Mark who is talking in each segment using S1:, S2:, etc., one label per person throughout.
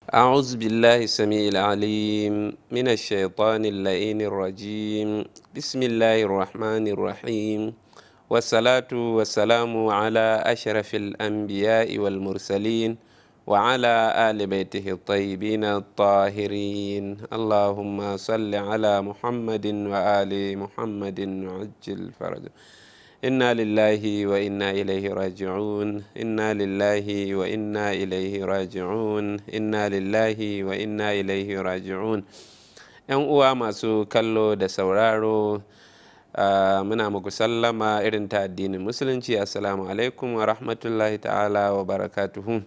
S1: أعوذ بالله السميع العليم من الشيطان اللئيم الرجيم بسم الله الرحمن الرحيم والصلاة والسلام على أشرف الأنبياء والمرسلين وعلى آل بيته الطيبين الطاهرين اللهم صل على محمد وآل محمد وعجل فرجه inna lillahi wa inna ilaihi raji'un inna lillahi wa inna ilaihi raji'un inna lillahi wa inna ilaihi raji'un yan uwa masu kallo da sauraro muna muku sallama irin ta addinin musulunci assalamu alaikum wa rahmatullahi ta'ala wa barakatuhu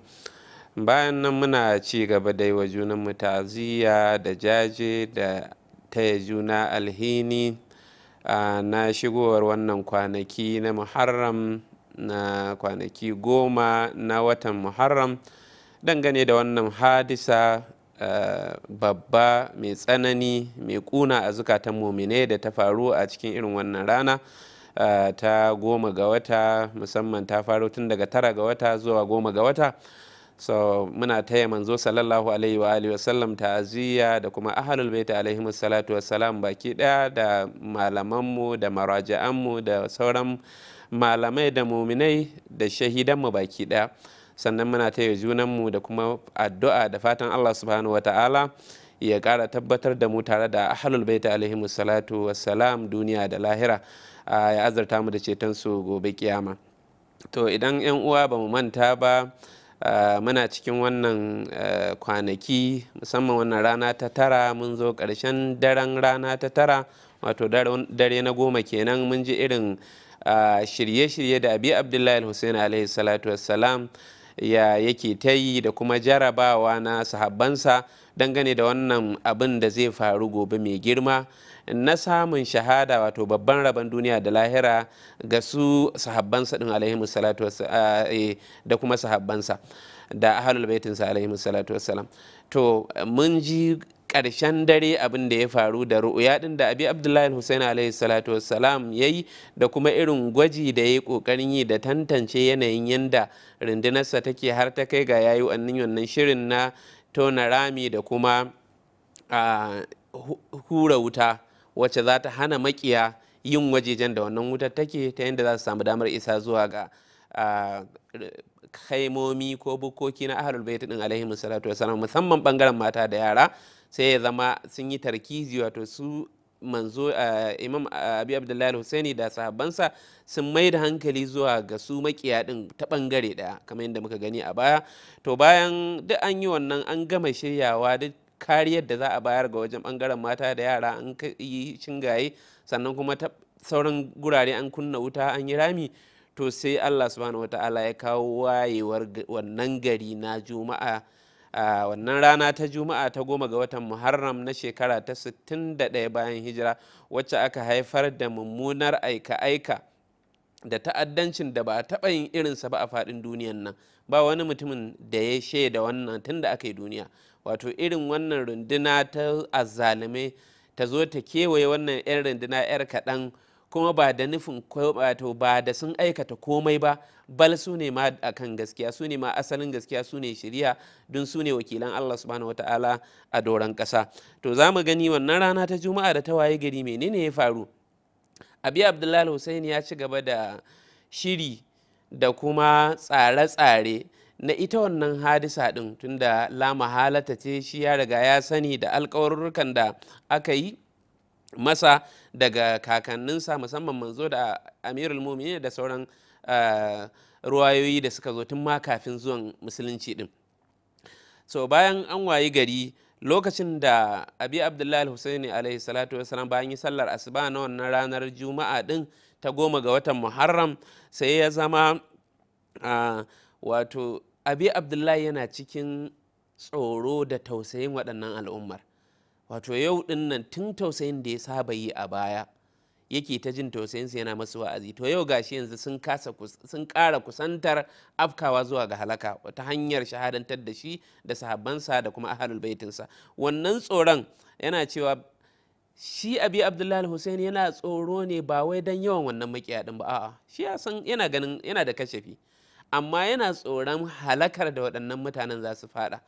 S1: bayan nan muna ci gaba dai wa junanmu ta'aziyya da jaje da taya juna alhini na shigowar wannan kwanaki na muharram na kwanaki goma na watan muharram dangane da wannan hadisa babba mai tsanani mai kuna a zukatan momine da ta faru a cikin irin wannan rana ta goma ga wata musamman ta faru tun daga tara ga wata zuwa goma ga wata so muna taya manzo sallallahu alaihi wa alihi wasallam ta'aziyya da kuma ahlul baiti alaihi salatu wassalam baki daya da malamanmu da mu da sauran malamai da muminai da shahidanmu baki daya sannan muna taya mu da kuma addu'a da fatan Allah subhanahu wata'ala ya kara tabbatar da mu tare da ahlul baita alaihi salatu wassalam duniya da lahira ya azarta mu da ceton su gobe kiyama to idan yan uwa ba mu manta ba Eh, muna cikin wannan eh, kwanaki musamman wannan rana ta tara mun zo ƙarshen daren rana ta tara wato dare na goma kenan mun ji irin eh, shirye-shirye da abi abdullahi hussein alaihi salatu wassalam ya yake ta yi da kuma jarabawa na sahabbansa dangane da wannan abin da zai faru gobe mai girma na samun shahada wato babban rabon duniya da lahira ga su sahabbansa din alaihi salatu e, da kuma sahabbansa da ahlul sa alaihi salatu wassalam to mun ji ƙarshen dare abin da ya faru da ru'uya din da abi abdullahi hussein alaihi salatu wassalam ya yi da kuma irin gwaji da ya yi kokarin yi da tantance yanayin yanda rundunarsa take har ta kai ga yayi wannan wannan shirin na tona rami da kuma hura wuta wacce za ta hana makiya yin wajejen da wannan wutar take ta yadda za su samu damar isa zuwa ga kaimomi ko bukoki na ahalul bait din alaihi salatu wasalam musamman bangaren mata da yara sai ya zama sun yi tarkizi wato su manzo imam abi abdullahi husaini da sahabbansa sun mai da hankali zuwa ga su makiya din ta bangare daya kamar yadda muka gani a baya to bayan duk an yi wannan an gama shiryawa duk kariyar da za a bayar ga wajen bangaren mata da yara an yi shingaye sannan kuma ta sauran gurare an kunna wuta an yi rami to sai allah subhanahu ta'ala ya kawo wayewar wannan gari na juma'a a wannan rana ta juma'a ta goma ga watan muharram na shekara ta 61 bayan hijira wacce aka haifar da mummunar aika-aika da ta'addancin da ba a taɓa yin irinsa ba a faɗin duniyan nan ba wani mutumin da ya shaida wannan tun da aka yi duniya wato irin wannan runduna ta azzalumai ta zo ta kewaye wannan 'yan runduna 'yar kaɗan kuma ba da nufin wato ba da sun aikata komai ba bal su ne ma a kan gaskiya su ne ma asalin gaskiya su ne shirya don su ne wakilan Allah subhanahu ta'ala a doron ƙasa to za mu gani wannan rana ta juma'a da ta waye gari menene ya faru abi abdullahi hussein ya ci gaba da shiri da kuma tsare-tsare na ita wannan hadisa ɗin tunda lama halata ce shi ya riga ya sani da alkawarurrukan da aka yi masa daga kakanninsa musamman manzo da amirul muminin da sauran ah, ruwayoyi da suka zo tun ma kafin zuwan musulunci ɗin so bayan an wayi gari lokacin da abi abdullahi husaini alaihi salatu wasalam bayan yi sallar asuba na wannan ranar juma'a din ta goma ga watan muharram sai ya zama ah, wato abi abdullahi yana cikin tsoro da tausayin waɗannan al'ummar wato yau ɗin nan tun tausayin da ya saba yi a baya yake ta jin tausayinsa yana masu wa'azi to yau gashi yanzu sun ƙara kusantar afkawa zuwa ga halaka wata hanyar shahadantar da shi da sahabbansa da kuma ahalul baitinsa wannan tsoron yana cewa shi abi abdullahi hussein yana tsoro ne ba wai don yawan wannan makiyadin ba a'a shi yana ganin yana da kashafi amma yana tsoron halakar da waɗannan mutanen za su fada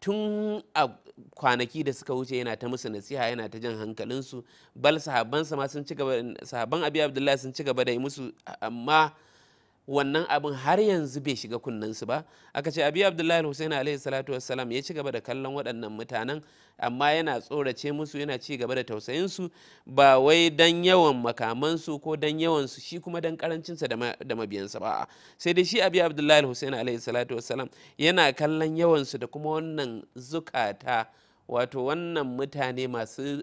S1: tun a kwanaki da suka wuce yana ta musu nasiha yana ta jan hankalinsu bal sahabansa ma sun ci gaba abi abdullahi sun ci gaba da yi musu amma wannan abin har yanzu bai shiga su ba aka ce abi abdullahi hussein alaihi salatu wassalam ya ci gaba da kallon waɗannan mutanen amma yana tsorace musu yana ci gaba da tausayinsu ba wai dan yawan makamansu ko dan yawan su shi kuma dan karancinsa da mabiyansa ba sai dai shi abi abdullahi hussein alaihi salatu wassalam yana kallon yawansu da kuma wannan zukata wato wannan mutane masu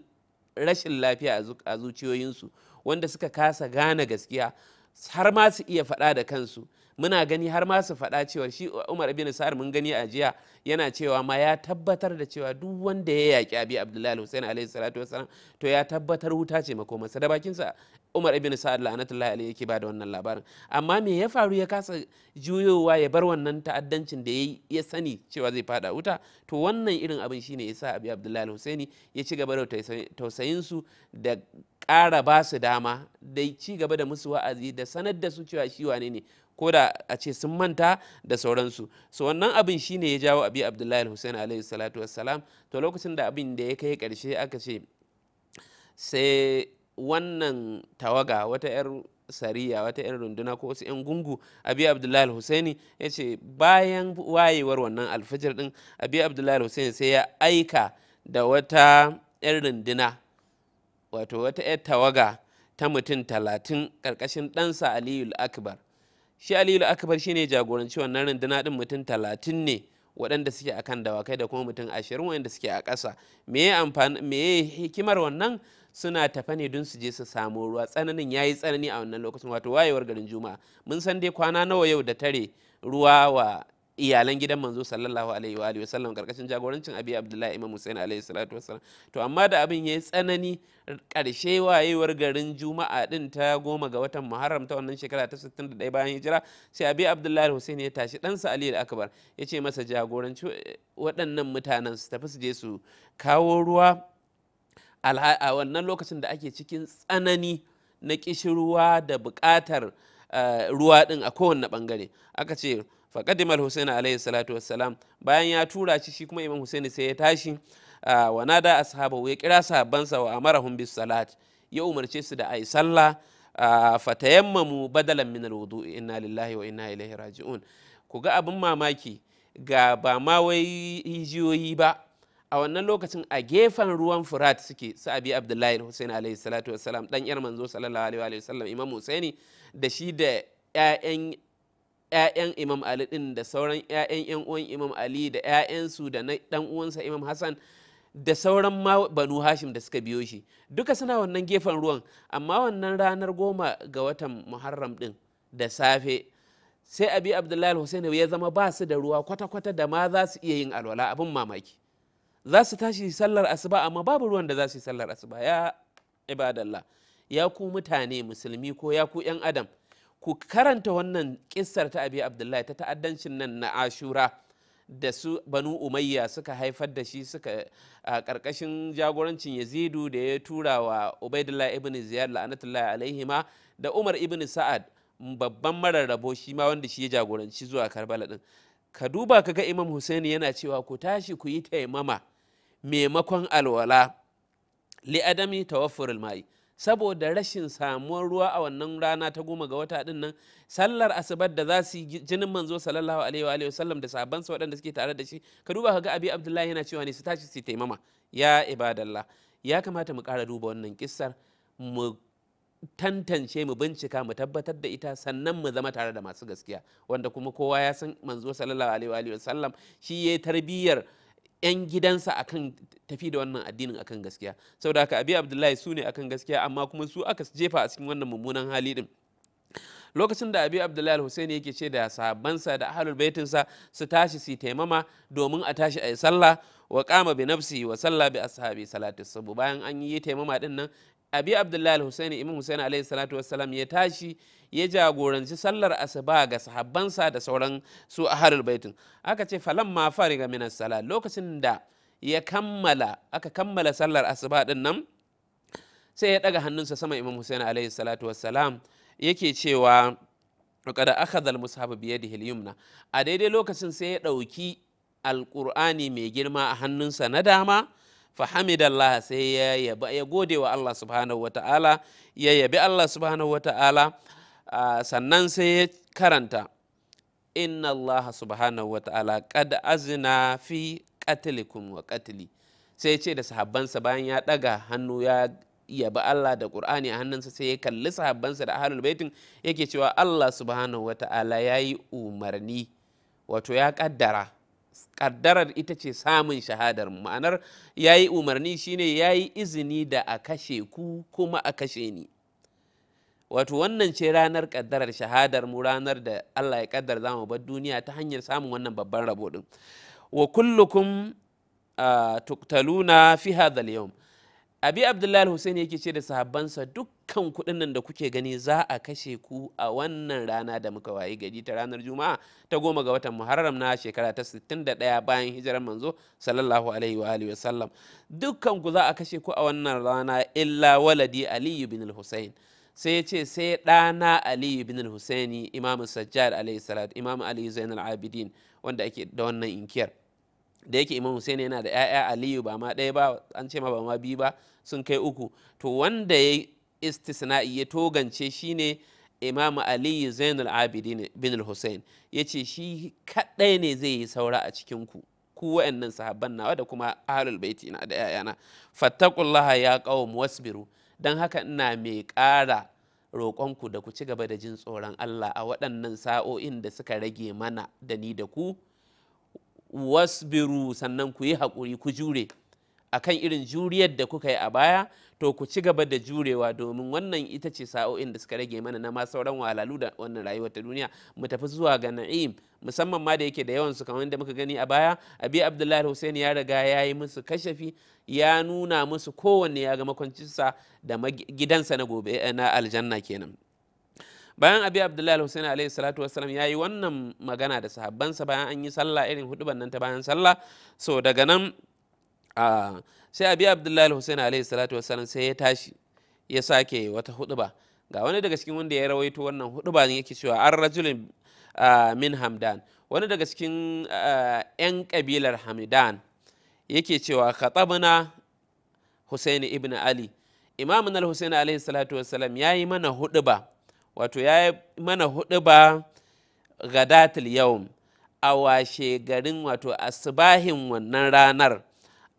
S1: rashin lafiya a zuciyoyinsu wanda suka kasa gane gaskiya har ma su iya faɗa da kansu muna gani har ma su faɗa cewa shi umar ibn sa'ar mun gani a jiya yana cewa ma ya tabbatar da cewa duk wanda ya yaƙi abi abdullahi al-husain alaihi salatu wasalam to ya tabbatar wuta ce makomarsa da bakinsa umar ibn sa'ad la'anatullahi alayhi yake bada wannan labarin amma me ya faru ya kasa juyowa ya bar wannan ta'addancin da ya sani cewa zai fada wuta to wannan irin abin shine yasa abi abdullahi al ya ci gaba da tausayin su da ƙara ba su dama da ci gaba da musu wa'azi da sanar da su cewa shi wane ne ko da a ce sun manta da sauransu so wannan abin shine ya jawo abi abdullahi hussein alaihi salatu wassalam to lokacin da abin da ya kai karshe aka ce sai wannan tawaga wata 'yar sariya wata 'yan runduna ko wasu 'yan gungu abi abdullahi ya ce bayan wayewar wannan alfajir din abi abdullahi sai ya aika da wata 'yan runduna wato wata 'yar tawaga ta mutum talatin karkashin ɗansa aliyu akbar shi aliyu akbar ne jagoranci wannan runduna ɗin mutum talatin ne waɗanda suke akan dawakai da kuma mutum ashirin waɗanda suke a ƙasa meye hikimar wannan suna tafa ne don su je su samu ruwa tsananin ya yi tsanani a wannan lokacin wato wayewar garin juma'a mun san dai kwana nawa yau da tare ruwa wa iyalan gidan manzo sallallahu alaihi wa alihi wasallam karkashin jagorancin abi abdullahi imam husain alaihi salatu wasallam to amma da abin yayi tsanani karshe wayewar garin juma'a din ta goma ga watan muharram ta wannan shekara ta 61 bayan hijira sai abi abdullahi husain ya tashi ɗansa ali akbar ya ce masa jagoranci waɗannan mutanen su tafi su je su kawo ruwa a wannan lokacin da ake cikin tsanani na kishirwa da buƙatar eh, ruwa din a kowane ɓangare aka ce faqadima al-husayn alayhi salatu wa salam bayan ya tura shi shi kuma imam husaini sai ya tashi wa na da ashabahu ya kira sahabbansa wa amarahum bis salat ya umarce su da ai sallah fa fatayammamu badalan min al-wudu inna lillahi wa inna ilaihi raji'un ku ga abin mamaki ga ba ma wai hijiyoyi ba a wannan lokacin a gefen ruwan furat suke sa'abi abdullahi husaini alayhi salatu wa salam dan yar manzo sallallahu alaihi wa sallam imam husaini da shi da 'ya'yan 'ya'yan imam ali ɗin da sauran 'ya'yan 'yan uwan imam ali da 'ya'yansu da na dan uwansa imam hassan da sauran ma banu hashim da suka biyo shi duka suna wannan gefen ruwan amma wannan ranar goma ga watan muharram ɗin da safe sai abi abdullahi hussein ya zama ba su da ruwa kwata-kwata da ma za su iya yin alwala abin mamaki za su tashi sallar asuba amma babu ruwan da za su yi sallar asuba ya ibadallah ya ku mutane musulmi ko ya ku 'yan adam ku karanta wannan kissar ta abi abdullahi ta ta'addancin nan na ashura da su banu umayya suka haifar da shi suka a karkashin jagorancin yazidu da ya tura wa ubaidullah ibn ziyar la'anatullahi alaihi ma da umar ibn sa'ad babban mararrabo rabo shi ma wanda shi ya jagoranci zuwa karbala din ka duba ka ga imam husaini yana cewa ku tashi ku yi taimama maimakon alwala li'adami tawaffurul ma'i saboda rashin samuwar ruwa a wannan rana ta goma ga wata din nan sallar asabar da za su yi jinin manzo sallallahu alaihi wa sallam da sahabban sa waɗanda suke tare da shi ka duba kaga abi abdullahi yana cewa ne su tashi su taimama ya ibadallah ya kamata mu ƙara duba wannan kissar mu tantance mu bincika mu tabbatar da ita sannan mu zama tare da masu gaskiya wanda kuma kowa ya san manzo sallallahu alaihi wa sallam shi yayi tarbiyyar 'yan gidansa akan tafi da wannan addinin akan gaskiya saboda haka abi abdullahi su ne akan gaskiya amma kuma su aka jefa a cikin wannan mummunan hali din lokacin da abi abdullahi al-husaini yake ce da sahabbansa da ahlul baitinsa su tashi su taimama domin a tashi a yi sallah wa kama bi nafsi wa sallah bi ashabi salatu sabu bayan an yi taimama din nan abi abdullahi al-husaini imam husaini alayhi salatu wassalam ya tashi ya jagoranci sallar asuba ga sahabbansa da sauran su a harul baitin aka ce ma fariga min as-sala lokacin da ya kammala aka kammala sallar asuba din nan sai ya daga hannunsa sama imam husaini alayhi salatu wassalam yake cewa qad akhadha al-mushaf bi yadihi al-yumna a daidai lokacin sai ya dauki Alkur'ani mai girma a hannunsa na dama fahamidallah sai ya yaba ya gode wa Allah subhanahu wata'ala ya yabi Allah subhanahu wata'ala sannan sai ya karanta inna Allah subhanahu wata'ala kad'a azina fi qatlikum wa qatli sai ce da sahabbansa bayan ya daga hannu ya yabi Allah da Qur'ani a hannunsa sai ya kalli sahabbansa da ahlul baitin yake cewa Allah subhanahu wata'ala yayi umarni wato ya kaddara kaddarar ita ce samun shahadar ma'anar ya yi umarni shine ya yi izini da a kashe ku kuma a kashe ni wato wannan ce ranar kaddarar shahadar mu ranar da allah ya kaddar za mu bar duniya ta hanyar samun wannan babban rabo din wa kullukum ah, tuktaluna fi hadha al-yawm abi abdullahi hussein yake ce da sahabbansa dukkan kuɗin nan da kuke gani za a kashe ku a wannan rana da muka wayi gari ta ranar juma'a ta goma ga watan muharram na shekara ta 61 bayan hijirar manzo sallallahu alaihi wa alihi wasallam dukkan ku za a kashe ku a wannan rana illa waladi aliyu bin hussein sai ya ce sai ɗana aliyu bin husaini imam sajjad alaihi salatu imam ali zainal abidin wanda ake da wannan inkiyar da yake imam Hussein yana da 'ya'ya aliyu ba ma ɗaya ba an ce ma ba ma biyu ba sun kai uku to wanda ya istisna'i ya togance shine imam ali zainul abidin bin hussein ya ce shi kaɗai ne zai yi saura a cikin ku ku wa'annan sahabban nawa da kuma ahlul baiti na da yayana fattaqullaha ya qawm wasbiru dan haka ina mai ƙara roƙonku da ku ci gaba da jin tsoron Allah a waɗannan sa'o'in da suka rage mana da ni da ku wasbiru sannan ku yi haƙuri ku jure akan irin juriyar da kuka yi a baya to ku ci gaba da jurewa domin wannan ita ce sa'o'in da suka rage mana na ma sauran wahalalu da wannan rayuwar ta duniya mu tafi zuwa ga na'im musamman ma da yake da yawan su kamar da muka gani a baya abi abdullahi hussein ya riga ya yi musu kashafi ya nuna musu kowanne ya ga makwancinsa da gidansa na gobe eh, na aljanna kenan bayan abi abdullahi hussein salatu wassalam ya yi wannan magana da sahabbansa bayan an yi sallah irin huduban nan ta bayan sallah so daga nan sai abi abdullahi hussein alaihi salatu wassalam sai ya tashi ya sake wata huduba ga wani daga cikin wanda ya rawaito wannan huduba ne yake cewa an rajulin min hamdan wani daga cikin 'yan kabilar hamdan yake cewa khatabna husaini ibn ali imamun al-husaini alaihi salatu wassalam ya yi mana huduba wato ya yi mana huduba gadatul yawm a washe garin wato asibahin wannan ranar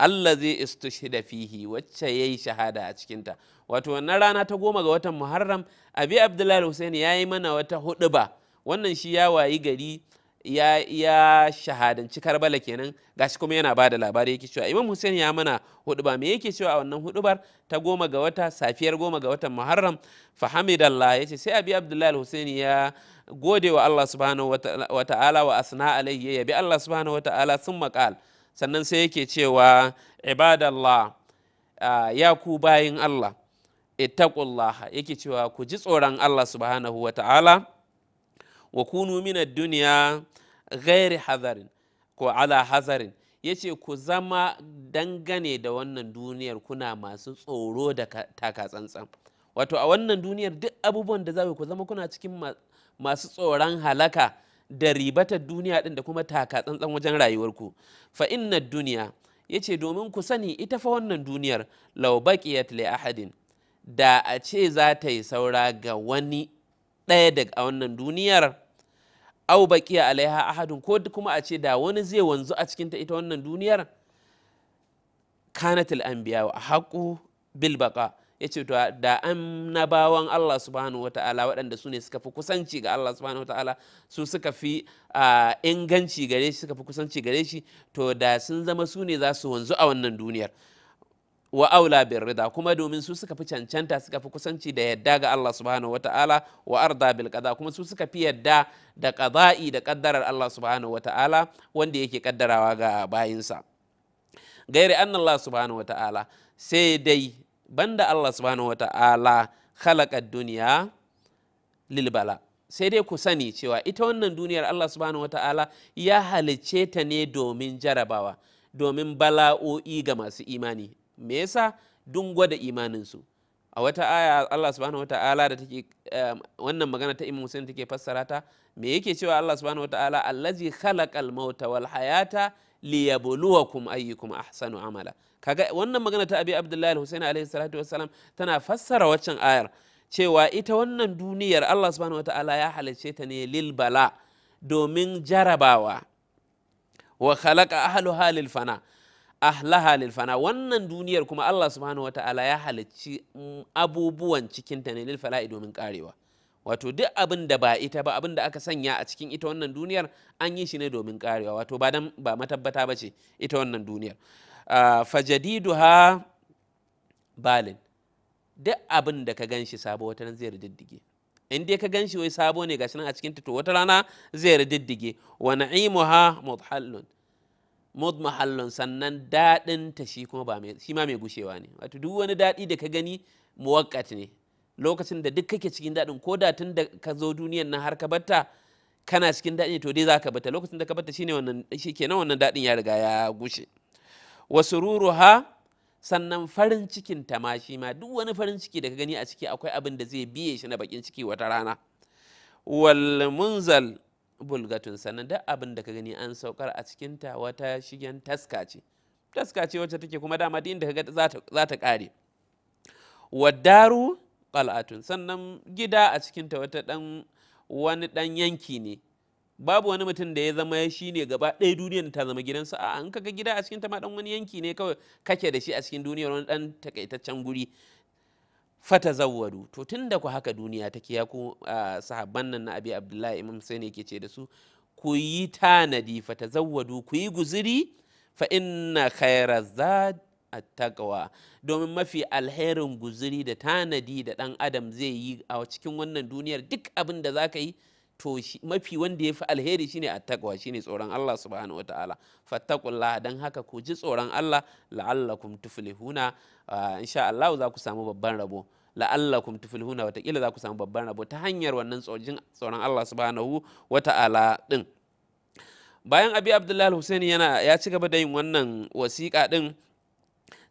S1: Allah zai istushhida fihi wacce yayi shahada a cikinta wato wannan rana ta goma ga watan muharram abi abdullahi ya yi mana wata huduba wannan shi ya wayi gari ya ya shahadanci karbala kenan gashi kuma yana bada labari yake cewa imam hussaini ya mana huduba me yake cewa a wannan hudubar ta goma ga wata safiyar goma ga watan muharram fa hamidallah yace sai abi abdullahi ya gode wa Allah subhanahu wa ta'ala wa asna alayhi ya bi Allah subhanahu wa ta'ala sun sannan sai yake cewa ibadallah ya ku bayin Allah ittaqullah yake cewa ku ji tsoron Allah subhanahu wa ta'ala wa kunu minad dunya ghairi hazarin ko ala hazarin yace ku zama dangane da wannan duniyar kuna masu tsoro da taka tsantsan wato a wannan duniyar duk abubuwan da za ku zama kuna cikin masu tsoron halaka da ribatar duniya ɗin da kuma taka tsantsan wajen rayuwarku fa inna duniya Ya ce domin ku sani ita fa wannan duniyar law baqiyat li ahadin da a ce za ta yi saura ga wani ɗaya daga wannan duniyar au baqiya alaiha ahadun ko kuma a ce da wani zai wanzu a cikin ita wannan duniyar kanatil anbiya wa haqu bil baqa ya ce to da annabawan Allah subhanahu wata'ala waɗanda su ne suka fi kusanci ga Allah subhanahu wata'ala su suka fi inganci gare shi suka fi kusanci gare shi to da sun zama su ne za su wanzu a wannan duniyar wa aula bil rida kuma domin su suka fi cancanta suka fi kusanci da yadda ga Allah subhanahu wataala wa arda bil qada kuma su suka fi yadda da qada'i da kaddarar Allah subhanahu wataala wanda yake kaddarawa ga bayinsa gairi annan Allah subhanahu wataala sai dai banda Allah subhanahu ta'ala khalaqad duniya lil bala sai dai ku sani cewa ita wannan duniyar Allah subhanahu ta'ala ya halice ta ne domin jarabawa domin bala'o'i ga masu imani me yasa dun gwada imaninsu a wata aya Allah subhanahu ta'ala da take eh, wannan magana ta Imam Hussein take fassara ta me yake cewa Allah subhanahu ta'ala allazi khalaqal mauta wal hayata liyabluwakum ayyukum ahsanu amala kaga wannan magana ta abi abdullahi al-husaini alaihi salatu salam tana fassara waccan ayar cewa ita wannan duniyar Allah subhanahu wataala ya halicce ta ne lil bala domin jarabawa wa khalaqa ahluha lil fana ahlaha lil fana wannan duniyar kuma Allah subhanahu wataala ya halicci mm, abubuwan cikin ta ne lil fala'i domin karewa wato duk abin da ba ita ba abin da aka sanya a cikin ita wannan duniyar an yi shi ne domin karewa wato ba dan ba matabbata ba ce ita wannan duniyar Ah, ha balin duk abin da ka ganshi sabo wata zai riddige in dai ka ganshi wai sabo ne gashi nan a cikin to wata rana zai riddige wa na'imuha mudhallun mudmahallun sannan dadin ta shi kuma ba mai shi ma mai gushewa ne wato duk wani dadi da ka gani muwaqqat ne lokacin da duk kake cikin dadin ko da tun da ka zo duniyan nan har ka batta kana cikin daɗi to dai za ka lokacin da ka batta shine wannan shikenan wannan daɗin ya riga ya gushe Wasururuha sannan farin cikin ta ma shi ma duk wani farin ciki da ka gani a ciki akwai abin da zai biye shi na bakin ciki wata rana wal munzal bulgatun sannan duk abin da ka gani an saukar a cikin ta wata shigen taska ce taska ce wacce take kuma dama duk inda ka ga za ta kare wadaru qal'atun sannan gida a cikin ta wata dan wani dan yanki ne babu wani mutum da ya zama shi ne gaba ɗaya duniyar ta zama gidansa a an ga gida a cikin ta ma dan wani yanki ne kawai kake da shi a cikin duniyar wani ɗan takaitaccen guri fata zawwadu to tun da ku haka duniya take ya ku sahabban nan na abi abdullahi imam sai ne yake ce da su ku yi tanadi fata zawwadu ku yi guziri fa inna khaira zad attaqwa domin mafi alherin guziri da tanadi da dan adam zai yi a cikin wannan duniyar duk abin da zaka yi to mafi wanda ya fi alheri shine takwa shine tsoron Allah subhanahu ta'ala fattakullah dan haka ku ji tsoron Allah la'allakum tuflihuna ah, insha Allah za ku samu babban rabo la'allakum tuflihuna watakila za ku samu babban rabo ta hanyar wannan tsoron Allah subhanahu ta'ala din bayan abi abdullahi al yana ya ci gaba da yin wannan wasiƙa din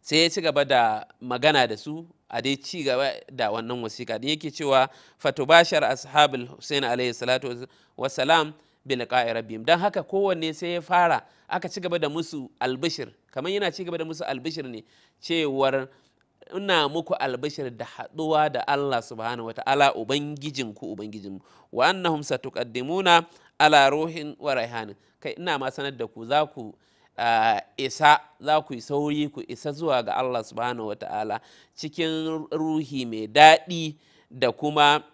S1: sai ya ci gaba da magana da su a dai ci gaba da wannan wasiƙa da yake cewa fatubashar ashabul husain alayhi salatu wassalam bil rabbihim dan haka kowanne sai ya fara aka ci gaba da musu albishir kamar yana ci gaba da musu albishir ne cewar ina muku albishir da haɗuwa da Allah subhanahu wa ta'ala ubangijinku ubangijinmu wa annahum satuqaddimuna ala ruhin wa raihanin kai ina ma sanar da ku za ku Uh, isa za ku yi sauri ku isa zuwa ga Allah subhanahu wa ta'ala cikin ruhi mai daɗi da kuma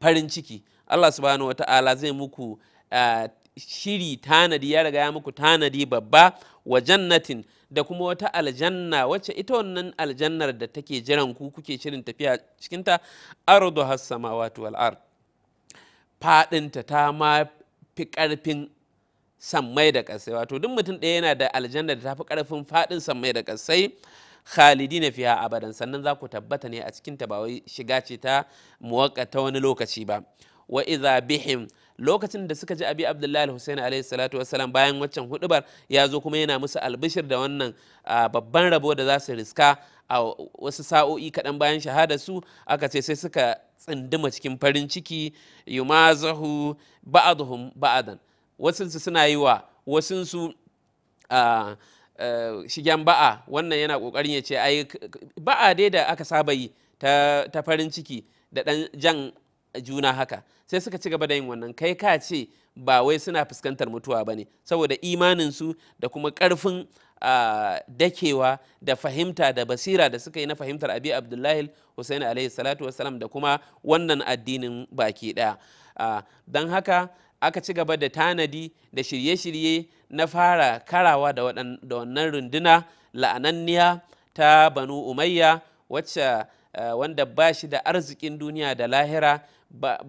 S1: farin ciki Allah subhanahu wa ta'ala zai muku uh, shiri tanadi ya riga ya muku tanadi babba wa jannatin da kuma wata aljanna wacce ita wannan aljannar da take jiran ku kuke shirin tafiya cikinta ardu hassama wato al'ar faɗinta ta ma fi ƙarfin sammai da kasai wato duk mutum ɗaya yana da aljanna da tafi ƙarfin faɗin sammai da kasai khalidi na fiya abadan sannan za ku tabbata ne a cikin ta ba wai shiga ce ta muwaƙa ta wani lokaci ba wa iza bihim lokacin da suka ji abi abdullahi husaini alaihi salatu wassalam bayan waccan huɗubar ya zo kuma yana musu albishir da wannan babban rabo da za su riska a wasu sa'o'i kaɗan bayan shahada su aka ce sai suka tsinduma cikin farin ciki yumazahu ba'aduhum ba'adan Wasansu suna yi wa a shigen ba'a wannan yana kokarin ya ce ai ba'a dai da aka saba yi ta farin ciki da dan jan juna haka sai suka ci gaba da yin wannan kai ka ce ba wai suna fuskantar mutuwa ba ne saboda imaninsu da kuma karfin dakewa da fahimta da basira da suka yi na fahimtar abi abdullahi hussein alaihi salatu wasalam da kuma wannan addinin baki daya don haka aka ci gaba da tanadi da shirye-shirye na fara karawa da wannan runduna la'ananniya ta banu umayya wacce eh, wanda ba shi da arzikin duniya da lahira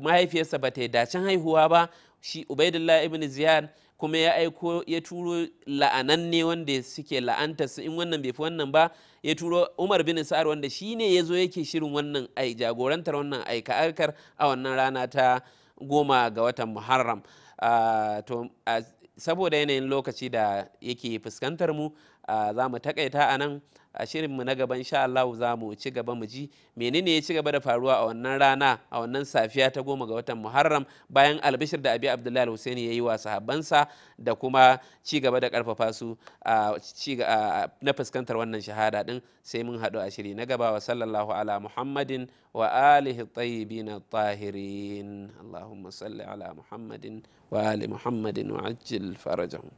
S1: mahaifiyarsa ba ta yi dacin haihuwa ba shi ubaidullah ibn ziyad kuma ya aiko ya turo la'ananne wanda suke la'anta su in wannan bai fi wannan ba ya turo umar bin sa'ar wanda shine ya zo yake shirin wannan ai jagorantar wannan aika-aikar a wannan rana ta goma ga watan muharram ah, ah, saboda yanayin lokaci da yake fuskantar mu Ah, za mu takaita a nan a shirinmu na gaban sha Allah za mu ci gaba mu ji menene ya ci gaba da faruwa a wannan rana a wannan safiya ta goma ga watan Muharram bayan albishir da Abi Abdullahi Husaini ya yi wa sahabbansa da kuma ci gaba da karfafa su na fuskantar wannan shahada din sai mun haɗu a shiri na gaba wa sallallahu ala Muhammadin wa alihi tayyibin tahirin Muhammadin wa ali Muhammadin wa ajil